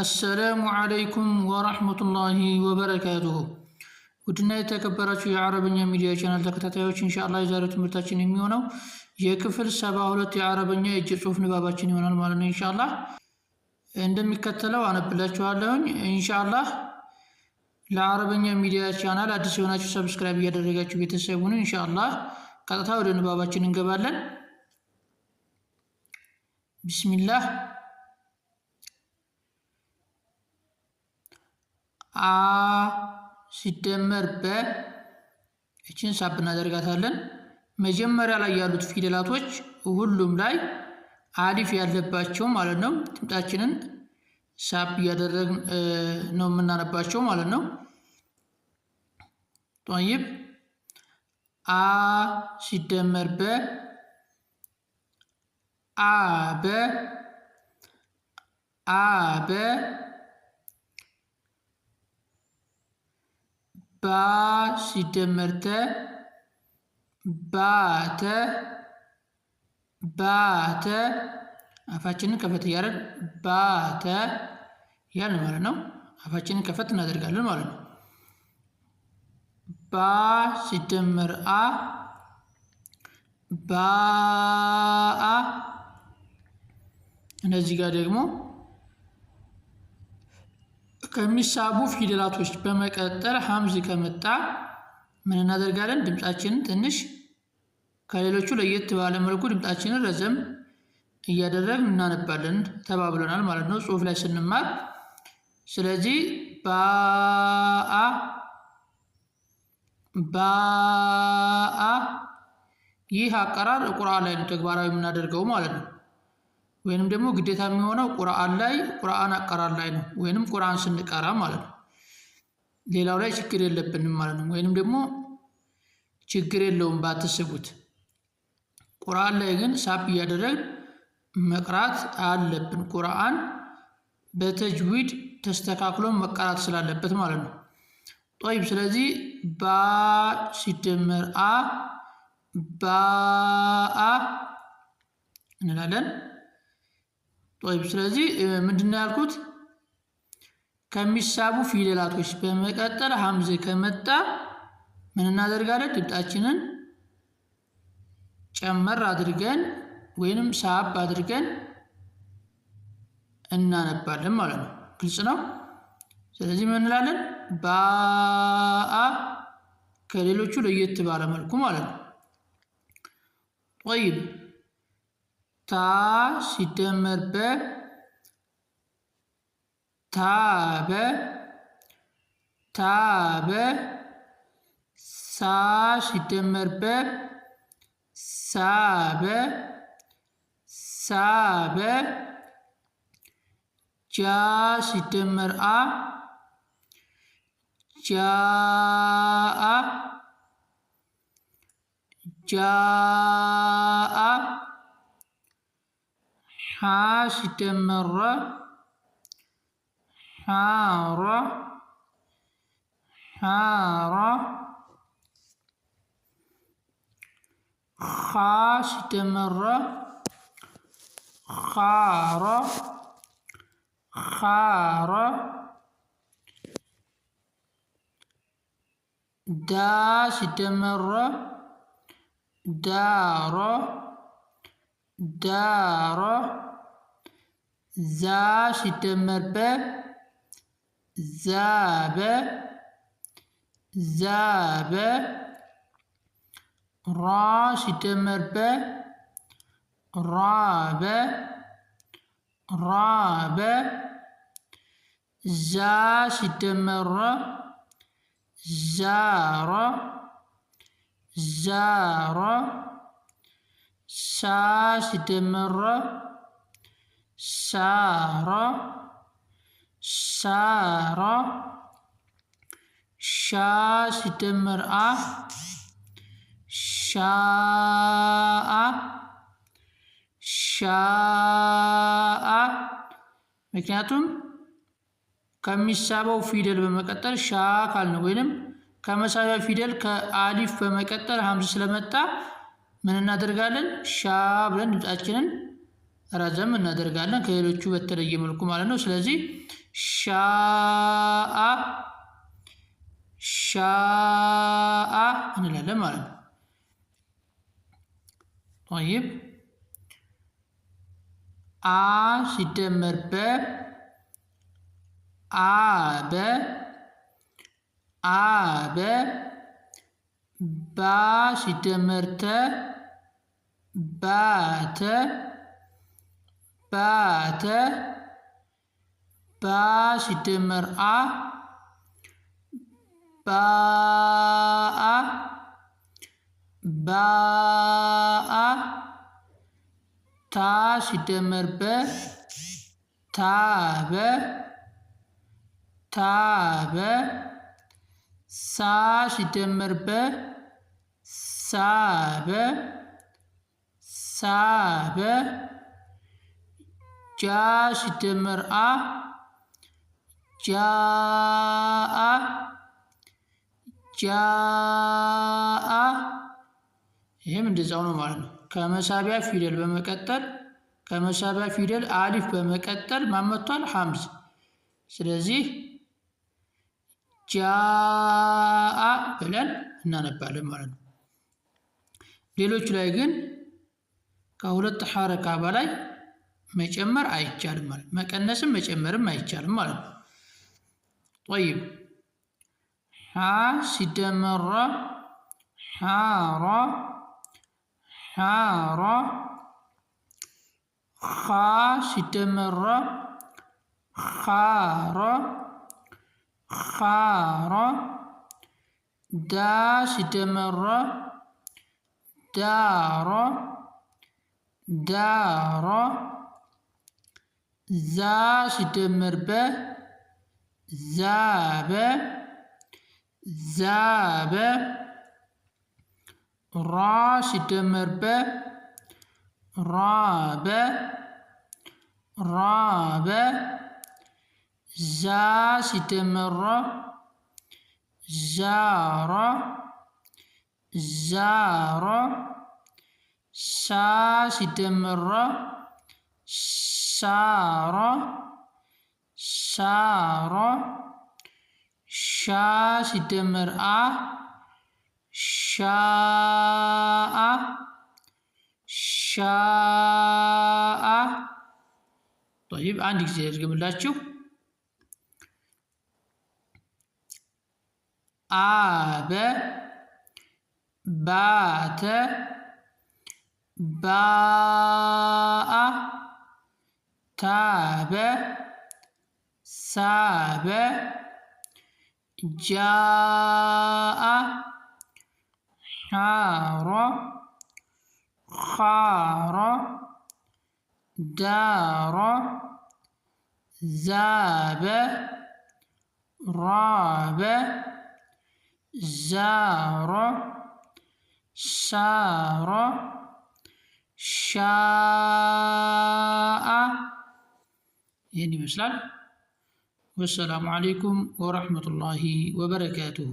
አሰላሙ አለይኩም ወራህመቱላሂ ወበረካቱሁ። ውድና የተከበራችሁ የአረብኛ ሚዲያ ቻናል ተከታታዮች እንሻላ የዛሬው ትምህርታችን የሚሆነው የክፍል ሰባ ሁለት የአረበኛ የእጅ ጽሑፍ ንባባችን ይሆናል ማለት ነው። እንሻላ እንደሚከተለው አነብላችኋለሁኝ። ኢንሻአላህ ለአረበኛ ሚዲያ ቻናል አዲስ የሆናችሁ ሰብስክራይብ እያደረጋችሁ ቤተሰቡን እንሻላ ቀጥታ ወደ ንባባችን እንገባለን። ቢስሚላህ አ ሲደመር በ እችን ሳብ እናደርጋታለን። መጀመሪያ ላይ ያሉት ፊደላቶች ሁሉም ላይ አሊፍ ያለባቸው ማለት ነው። ድምጣችንን ሳብ እያደረግን ነው የምናነባቸው ማለት ነው። ጦይብ አ ሲደመር በ አበ አበ ባ ሲደመር ተ ባተ ባተ አፋችንን ከፈት እያደረግ ባተ ያን ማለት ነው። አፋችንን ከፈት እናደርጋለን ማለት ነው። ባ ሲደመር አ ባአ እነዚህ ጋር ደግሞ ከሚሳቡ ፊደላቶች በመቀጠል ሀምዝ ከመጣ ምን እናደርጋለን? ድምፃችንን ትንሽ ከሌሎቹ ለየት ባለ መልኩ ድምፃችንን ረዘም እያደረግን እናነባለን ተባብለናል ማለት ነው ጽሁፍ ላይ ስንማር። ስለዚህ ባአ ባአ ይህ አቀራር ቁርአን ላይ ተግባራዊ የምናደርገው ማለት ነው። ወይንም ደግሞ ግዴታ የሚሆነው ቁርአን ላይ ቁርአን አቀራር ላይ ነው። ወይንም ቁርአን ስንቀራ ማለት ነው። ሌላው ላይ ችግር የለብንም ማለት ነው። ወይንም ደግሞ ችግር የለውም ባትስቡት። ቁርአን ላይ ግን ሳብ እያደረግን መቅራት አለብን። ቁርአን በተጅዊድ ተስተካክሎ መቀራት ስላለበት ማለት ነው። ጦይብ ስለዚህ ባ ሲደመር አ ባአ እንላለን። ጦይብ ስለዚህ ምንድን ነው ያልኩት? ከሚሳቡ ፊደላቶች በመቀጠል ሀምዝ ከመጣ ምን እናደርጋለን? ድምጣችንን ጨመር አድርገን ወይንም ሳብ አድርገን እናነባለን ማለት ነው። ግልጽ ነው። ስለዚህ ምን እንላለን? ባአ ከሌሎቹ ለየት ባለ መልኩ ማለት ነው። ጦይብ ታ ሲደመር በ ታበ ታበ ሳ ሲደመር በ ሳበ ሳበ ጃ ሲደመር አ ጃአ ጃአ حاستمر حار حار خاستمر خار خار داش تمر دار دار, دار زا شتمر ب زاب زاب را شتمر ب راب راب زا شتمر زار زار شا شتمر زار ሳራ ሳራ ሻ ሲደመር አ ሻአ ሻአ ምክንያቱም ከሚሳበው ፊደል በመቀጠል ሻ ካል ነው ወይንም ከመሳቢያ ፊደል ከአሊፍ በመቀጠል ሀምዝ ስለመጣ ምን እናደርጋለን? ሻ ብለን ድምጻችንን ረዘም እናደርጋለን ከሌሎቹ በተለየ መልኩ ማለት ነው። ስለዚህ ሻአ ሻአ እንላለን ማለት ነው። ይብ አ ሲደመር በ አበ አበ ባ ሲደመር ተ ባተ ባተ ባ ሲደመር አ ባአ ባአ ታ ሲደመር በ ታበ ታበ ሳ ሲደመር በ ሳበ ሳበ ጃ ሲደመር አ ጃአ ጃአ ይህም እንደዛው ነው ማለት ነው። ከመሳቢያ ፊደል በመቀጠል ከመሳቢያ ፊደል አሊፍ በመቀጠል ማመቷል ሐምዝ። ስለዚህ ጃአ ብለን እናነባለን ማለት ነው። ሌሎቹ ላይ ግን ከሁለት ሐረካ በላይ መጨመር አይቻልም ማለት መቀነስም መጨመርም አይቻልም ማለት ነው። ጠይብ ሓ ሲደመራ ሓራ ሓራ ኻ ሲደመራ ኻራ ኻራ ዳ ሲደመራ ዳራ ዳራ ዛ ሲደመር በ ዛበ ዛበ ራ ሲደመር በ ራበ ራበ ዛ ሲደመር ራ ዛራ ዛራ ሳ ሲደመር ራ ሳሮ ሳሮ ሻ ሲደመር አ ሻአ ሻአ ጠይብ አንድ ጊዜ ያድርግምላችሁ። አበ ባተ ባአ تاب ساب جاء حار خار دار زاب راب زار سار شاء ይህን ይመስላል። ወሰላሙ አሌይኩም ወረህመቱላሂ ወበረካቱሁ።